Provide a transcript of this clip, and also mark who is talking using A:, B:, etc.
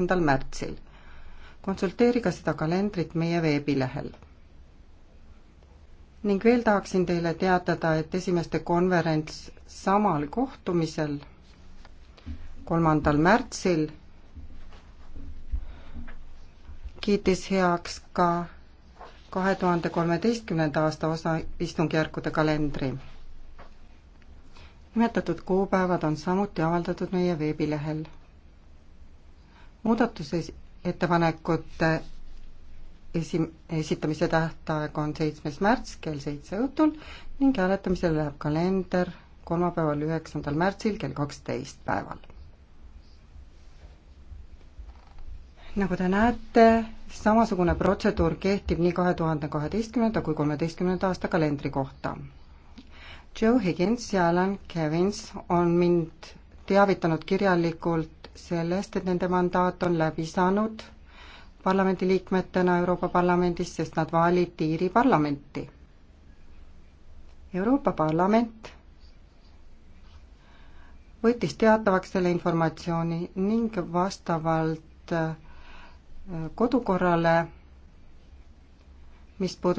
A: üheteistkümnendal märtsil. konsulteerige seda kalendrit meie veebilehel. ning veel tahaksin teile teatada, et esimeste konverents samal kohtumisel, kolmandal märtsil, kiitis heaks ka kahe tuhande kolmeteistkümnenda aasta osa istungjärkude kalendri. nimetatud kuupäevad on samuti avaldatud meie veebilehel muudatusettepanekute esi, esitamise tähtaeg on seitsmes märts kell seitse õhtul ning hääletamisele läheb kalender kolmapäeval, üheksandal märtsil kell kaksteist päeval. nagu te näete, samasugune protseduur kehtib nii kahe tuhande kaheteistkümnenda kui kolmeteistkümnenda aasta kalendri kohta. Joe Higgins ja Alan Kevins on mind teavitanud kirjalikult sellest, et nende mandaat on läbi saanud parlamendiliikmetena Euroopa Parlamendis, sest nad valiti Iiri parlamenti. Euroopa Parlament võttis teatavaks selle informatsiooni ning vastavalt äh, kodukorrale, mis puudutab